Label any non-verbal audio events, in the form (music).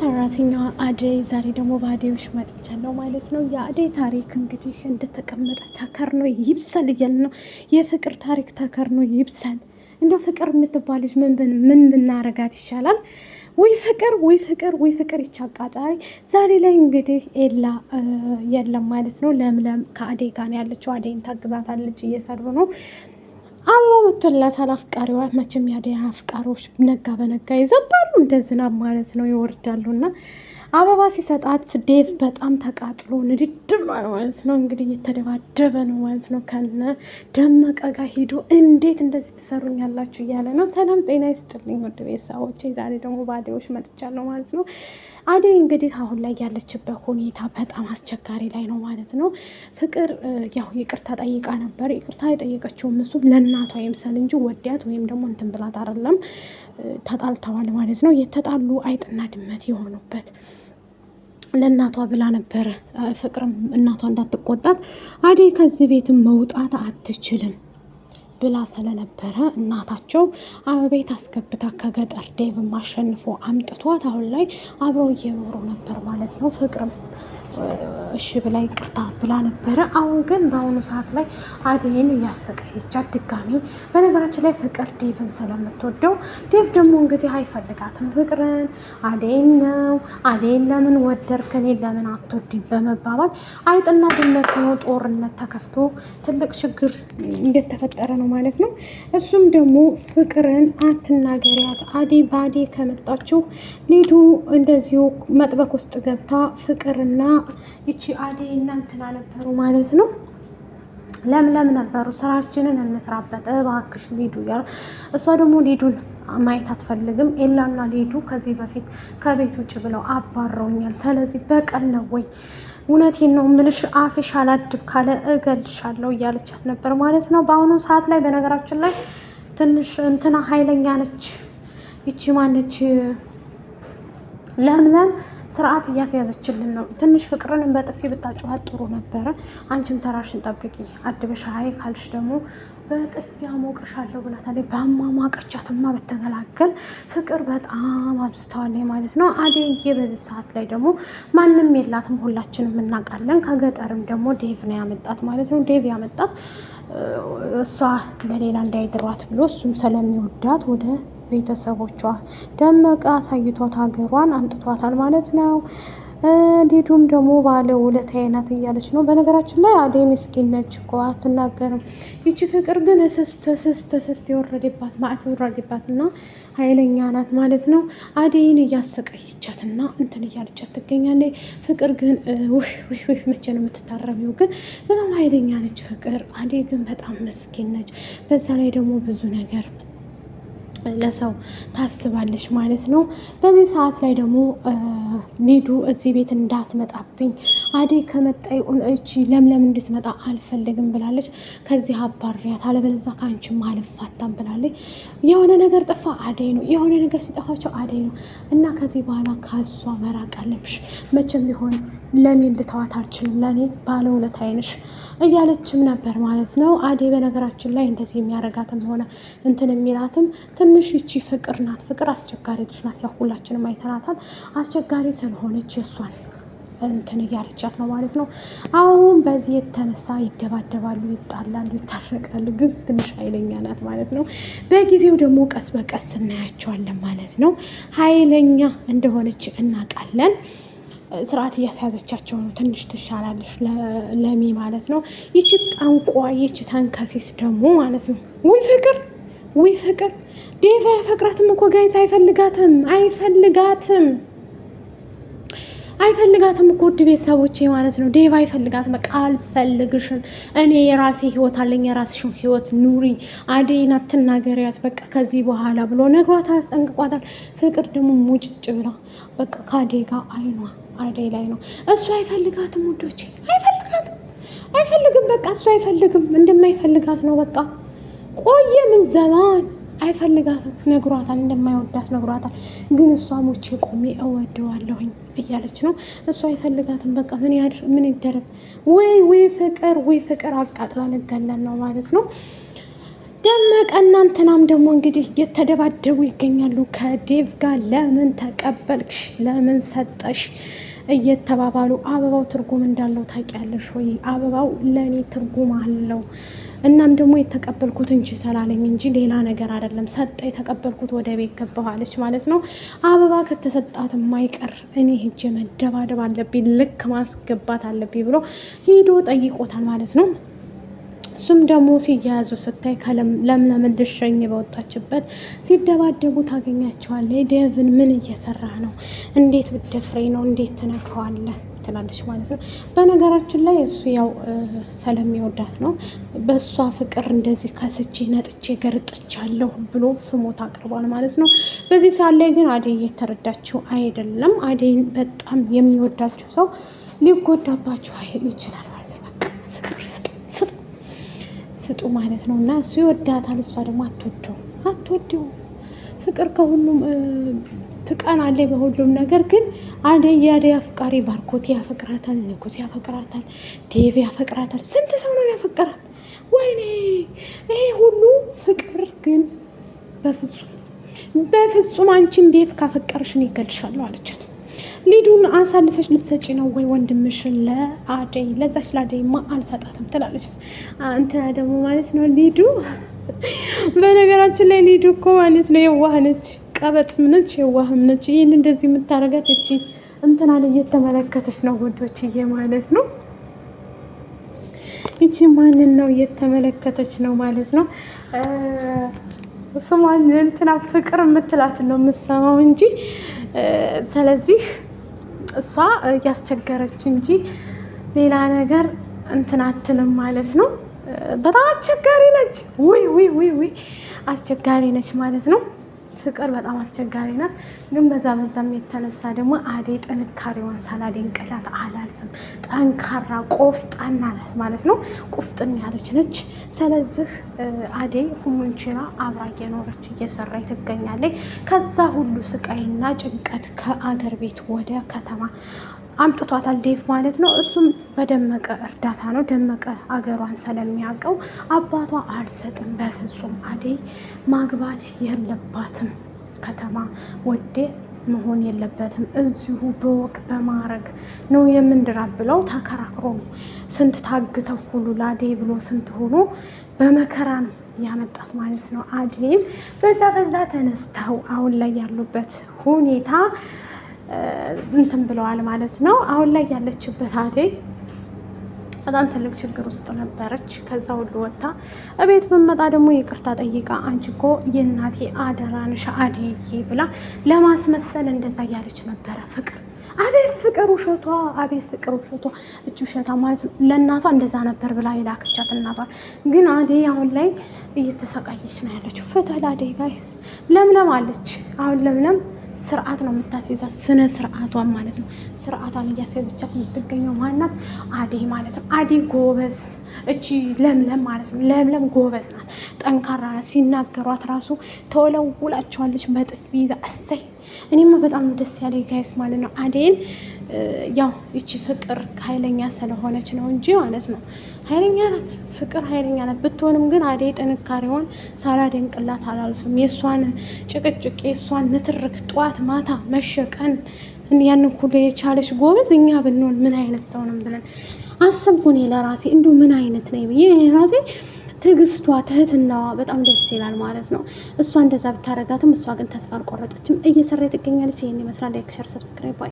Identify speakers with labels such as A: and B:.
A: ሰራተኛዋ አደይ ዛሬ ደግሞ በአደዮች መጥቻለሁ ማለት ነው። የአደይ ታሪክ እንግዲህ እንደተቀመጠ ነው ይብሰል እያል ነው። የፍቅር ታሪክ ነው ይብሰል። እንደ ፍቅር የምትባል ልጅ ምን ምን ብናረጋት ይሻላል? ወይ ፍቅር፣ ወይ ፍቅር፣ ወይ ፍቅር ይቻቃጣሪ። ዛሬ ላይ እንግዲህ ኤላ የለም ማለት ነው። ለምለም ከአደይ ጋር ያለችው አደይን ታግዛታለች፣ እየሰሩ ነው አበባ መቶላታል። አፍቃሪዋ መቼም ያደ አፍቃሪዎች ነጋ በነጋ ይዘንባሉ እንደ ዝናብ ማለት ነው ይወርዳሉ። እና አበባ ሲሰጣት ዴቭ በጣም ተቃጥሎ ንድድም ማለት ነው እንግዲህ እየተደባደበ ነው ማለት ነው። ከነ ደመቀ ጋር ሂዶ እንዴት እንደዚህ ትሰሩኛላችሁ እያለ ነው። ሰላም ጤና ይስጥልኝ ውድ ቤተሰቦቼ፣ ዛሬ ደግሞ ባዴዎች መጥቻለሁ ማለት ነው። አደይ እንግዲህ አሁን ላይ ያለችበት ሁኔታ በጣም አስቸጋሪ ላይ ነው ማለት ነው። ፍቅር ያው ይቅርታ ጠይቃ ነበር። ይቅርታ የጠየቀችውም እሱ ለእናቷ ይምሰል እንጂ ወዲያት ወይም ደግሞ እንትን ብላት አይደለም። ተጣልተዋል ማለት ነው። የተጣሉ አይጥና ድመት የሆኑበት ለእናቷ ብላ ነበር ፍቅርም እናቷ እንዳትቆጣት አደይ ከዚህ ቤትም መውጣት አትችልም ብላ ስለነበረ እናታቸው ቤት አስገብታ ከገጠር ዴቭም አሸንፎ አምጥቷት አሁን ላይ አብረው እየኖሩ ነበር ማለት ነው ፍቅርም እሺ ብላ ይቅርታ ብላ ነበረ። አሁን ግን በአሁኑ ሰዓት ላይ አደይን እያሰቃየቻት ድጋሚ። በነገራችን ላይ ፍቅር ዴቭን ስለምትወደው ዴቭ ደግሞ እንግዲህ አይፈልጋትም ፍቅርን። አደይን ነው አደይን ለምን ወደድክ እኔን ለምን አትወድኝ በመባባል አይጥና ድመት ሆኖ ጦርነት ተከፍቶ ትልቅ ችግር እንደተፈጠረ ነው ማለት ነው። እሱም ደግሞ ፍቅርን አትናገሪያት አደይ በአደይ ከመጣችው ሊዱ እንደዚሁ መጥበቅ ውስጥ ገብታ ፍቅርና ይቺ አደይ እናንትና ነበሩ ማለት ነው። ለምለም ነበሩ። ስራችንን እንስራበት እባክሽ ሊዱ እያሉ እሷ ደግሞ ሊዱን ማየት አትፈልግም። ኤላና ሊዱ ከዚህ በፊት ከቤት ውጭ ብለው አባረውኛል። ስለዚህ በቀል ነው ወይ እውነቴን ነው ምልሽ፣ አፍሽ አላድብ ካለ እገልሻለሁ እያለቻት ነበር ማለት ነው። በአሁኑ ሰዓት ላይ በነገራችን ላይ ትንሽ እንትና ኃይለኛ ነች። ይቺ ማነች ለምለም ስርዓት እያስያዘችልን ነው። ትንሽ ፍቅርን በጥፊ ብታጫዋት ጥሩ ነበረ። አንቺም ተራሽን ጠብቂ፣ አድበሻ ሀይ ካልሽ ደግሞ በጥፊ አሞቅሻለሁ ብላታለች። በአማማቀቻትማ በተገላገል ፍቅር በጣም አብዝተዋል ማለት ነው። አደዬ በዚህ ሰዓት ላይ ደግሞ ማንም የላትም፣ ሁላችንም እናውቃለን። ከገጠርም ደግሞ ዴቭ ነው ያመጣት ማለት ነው። ዴቭ ያመጣት እሷ ለሌላ እንዳይድሯት ብሎ እሱም ስለሚወዳት ወደ ቤተሰቦቿ ደመቀ አሳይቷት ሀገሯን አምጥቷታል ማለት ነው። ሊዱም ደግሞ ባለ ውለታዬ ናት እያለች ነው። በነገራችን ላይ አዴ ምስኪን ነች እኮ አትናገርም። ይቺ ፍቅር ግን እስስት እስስት እስስት የወረደባት ማዕት የወረደባት እና ኃይለኛ ናት ማለት ነው። አዴን እያሰቀየቻት እና እንትን እያለቻት ትገኛለች። ፍቅር ግን ውሽ ውሽ መቼ ነው የምትታረሚው? ግን በጣም ኃይለኛ ነች ፍቅር። አዴ ግን በጣም ምስኪን ነች። በዛ ላይ ደግሞ ብዙ ነገር ለሰው ታስባለች ማለት ነው። በዚህ ሰዓት ላይ ደግሞ ሊዱ እዚህ ቤት እንዳትመጣብኝ አደይ ከመጣይ እቺ ለምለም እንድትመጣ አልፈልግም ብላለች። ከዚህ አባሪያት አለበለዛ ከአንቺም አልፋታም ብላለች። የሆነ ነገር ጥፋ አደይ ነው የሆነ ነገር ሲጠፋቸው አደይ ነው እና ከዚህ በኋላ ከሷ መራቅ አለብሽ። መቼም ቢሆን ለሚን ልተዋት አልችልም፣ ለእኔ ባለውለታ አይነሽ እያለችም ነበር ማለት ነው። አዴ በነገራችን ላይ እንደዚህ የሚያረጋትም ሆነ እንትን የሚላትም ትንሽ እቺ ፍቅር ናት። ፍቅር አስቸጋሪ ልጅ ናት። ያው ሁላችንም አይተናታል። አስቸጋሪ ስለሆነች እሷን እንትን እያለቻት ነው ማለት ነው። አሁን በዚህ የተነሳ ይደባደባሉ፣ ይጣላሉ፣ ይታረቃሉ። ግን ትንሽ ኃይለኛ ናት ማለት ነው። በጊዜው ደግሞ ቀስ በቀስ እናያቸዋለን ማለት ነው። ኃይለኛ እንደሆነች እናውቃለን። ስርዓት እያስያዘቻቸው ነው። ትንሽ ትሻላለች ለሚ ማለት ነው። ይቺ ጠንቋ፣ ይቺ ተንከሴስ ደግሞ ማለት ነው። ውይ ፍቅር ውይ ፍቅር ዴቭ አያፈቅራትም እኮ ጋይዝ፣ አይፈልጋትም አይፈልጋትም አይፈልጋትም እኮ ውድ ቤተሰቦቼ ማለት ነው። ዴቭ አይፈልጋትም። በቃ አልፈልግሽም፣ እኔ የራሴ ህይወት አለኝ፣ የራስሽን ህይወት ኑሪ፣ አደይን አትናገሪያት በቃ ከዚህ በኋላ ብሎ ነግሯት አስጠንቅቋታል። ፍቅር ደግሞ ሙጭጭ ብላ በቃ ከአደይ ጋር አይኗ አደይ ላይ ነው። እሱ አይፈልጋትም ውዶቼ፣ አይፈልጋትም፣ አይፈልግም። በቃ እሱ አይፈልግም፣ እንደማይፈልጋት ነው በቃ ቆየ። ምን ዘማን አይፈልጋትም። ነግሯታል፣ እንደማይወዳት ነግሯታል። ግን እሷ ሞቼ ቆሜ እወደዋለሁኝ እያለች ነው። እሷ አይፈልጋትም። በቃ ምን ያድር ምን ይደረግ? ወይ ወይ ፍቅር ወይ ፍቅር አቃጥላ ልገለን ነው ማለት ነው። ደመቀ እናንትናም ደግሞ እንግዲህ የተደባደቡ ይገኛሉ ከዴቭ ጋር። ለምን ተቀበልሽ? ለምን ሰጠሽ እየተባባሉ አበባው ትርጉም እንዳለው ታውቂያለሽ ወይ? አበባው ለእኔ ትርጉም አለው። እናም ደግሞ የተቀበልኩት እንጂ ሰላለኝ እንጂ ሌላ ነገር አይደለም። ሰጠ የተቀበልኩት ወደ ቤት ገባኋለች ማለት ነው። አበባ ከተሰጣት የማይቀር እኔ ሄጄ መደባደብ አለብኝ፣ ልክ ማስገባት አለብኝ ብሎ ሂዶ ጠይቆታል ማለት ነው። እሱም ደግሞ ሲያያዙ ስታይ ለምለምን ልሸኝ በወጣችበት ሲደባደቡ ታገኛቸዋለ ዴቭን ምን እየሰራ ነው? እንዴት ብደፍሬ ነው? እንዴት ትነካዋለህ? ትላለች ማለት ነው። በነገራችን ላይ እሱ ያው ስለሚወዳት ነው። በእሷ ፍቅር እንደዚህ ከስቼ ነጥቼ ገርጥቻለሁ ብሎ ስሞት አቅርቧል ማለት ነው። በዚህ ሰዓት ላይ ግን አደይ እየተረዳችው አይደለም። አደይን በጣም የሚወዳችው ሰው ሊጎዳባችሁ ይችላል። ስጡ ማለት ነው። እና እሱ ይወዳታል፣ እሷ ደግሞ አትወደው አትወደው። ፍቅር ከሁሉም ትቀናለች በሁሉም ነገር። ግን አደይ የአደይ አፍቃሪ ባርኮት ያፈቅራታል፣ ንጉስ ያፈቅራታል፣ ዴቭ ያፈቅራታል። ስንት ሰው ነው ያፈቅራል ወይኔ ይሄ ሁሉ ፍቅር ግን በፍጹም በፍጹም አንቺን ዴቭ ካፈቀርሽን ይገልሻሉ አለቻት። ሊዱን አሳልፈሽ ልትሰጪ ነው ወይ ወንድምሽን ለአደይ? ለዛች ለአደይማ አልሰጣትም ትላለች። እንትና ደግሞ ማለት ነው ሊዱ። (laughs) በነገራችን ላይ ሊዱ እኮ ማለት ነው የዋህ ነች፣ ቀበጥም ነች፣ የዋህም ነች። ይህን እንደዚህ የምታደርጋት እቺ እንትናን እየተመለከተች ነው ወዶችዬ ማለት ነው ይቺ ማንን ነው እየተመለከተች ነው ማለት ነው። ስሟን እንትና ፍቅር የምትላት ነው የምሰማው እንጂ ስለዚህ እሷ እያስቸገረች እንጂ ሌላ ነገር እንትን አትልም ማለት ነው። በጣም አስቸጋሪ ነች። ውይ ውይ ውይ አስቸጋሪ ነች ማለት ነው። ፍቅር በጣም አስቸጋሪ ናት። ግን በዛ በዛም የተነሳ ደግሞ አደይ ጥንካሬዋን ሳላደንቅላት አላልፍም። ጠንካራ ቆፍጣና ናት ማለት ነው። ቁፍጥን ያለች ነች። ስለዚህ አደይ ሁሉን ችላ አብራ እየኖረች እየሰራች ትገኛለች። ከዛ ሁሉ ስቃይና ጭንቀት ከአገር ቤት ወደ ከተማ አምጥቷታል ዴቭ ማለት ነው። እሱም በደመቀ እርዳታ ነው። ደመቀ አገሯን ስለሚያውቀው አባቷ አልሰጥም፣ በፍጹም አደይ ማግባት የለባትም ከተማ ወዴ መሆን የለበትም እዚሁ በወቅ በማረግ ነው የምንድራ ብለው ተከራክሮ ስንት ታግተው ሁሉ ለአደይ ብሎ ስንት ሆኖ በመከራ ነው ያመጣት ማለት ነው። አደይም በዛ በዛ ተነስተው አሁን ላይ ያሉበት ሁኔታ እንትን ብለዋል ማለት ነው። አሁን ላይ ያለችበት አደይ በጣም ትልቅ ችግር ውስጥ ነበረች። ከዛ ሁሉ ወጥታ እቤት ብመጣ ደግሞ ይቅርታ ጠይቃ አንቺ እኮ የእናቴ አደራንሽ አዴ ብላ ለማስመሰል እንደዛ እያለች ነበረ ፍቅር አቤት ፍቅር ውሸቷ፣ አቤት ፍቅር ውሸቷ፣ እች ውሸታ ማለት ነው። ለእናቷ እንደዛ ነበር ብላ የላከቻት እናቷን። ግን አዴ አሁን ላይ እየተሰቃየች ነው ያለችው። ፍትህ ለአደይ ጋይስ። ለምለም አለች አሁን ለምለም ስርዓት ነው የምታስይዛት፣ ስነ ስርዓቷን ማለት ነው። ስርዓቷን እያስያዘቻት የምትገኘው ማናት? አዴ ማለት ነው። አዴ ጎበዝ፣ እቺ ለምለም ማለት ነው። ለምለም ጎበዝ ናት፣ ጠንካራ ናት። ሲናገሯት ራሱ ተወለውላቸዋለች በጥፊ ይዛ እሰይ እኔማ በጣም ደስ ያለ ጋይስ ማለት ነው። አዴን ያው ይቺ ፍቅር ኃይለኛ ስለሆነች ነው እንጂ ማለት ነው። ኃይለኛ ናት ፍቅር ኃይለኛ ናት። ብትሆንም ግን አዴ ጥንካሬዋን ሳላደንቅላት አላልፍም። የእሷን ጭቅጭቅ፣ የእሷን ንትርክ ጠዋት ማታ መሸ ቀን ያንን ሁሉ የቻለች ጎበዝ፣ እኛ ብንሆን ምን አይነት ሰው ነው ብለን አሰብኩ እኔ ለራሴ እንዲሁ ምን አይነት ነኝ ብዬ ራሴ ትዕግስቷ፣ ትህትናዋ በጣም ደስ ይላል ማለት ነው። እሷ እንደዛ ብታረጋትም እሷ ግን ተስፋ አልቆረጠችም፣ እየሰራ ትገኛለች። ይህን ይመስላል። ላይክ፣ ሸር፣ ሰብስክራይብ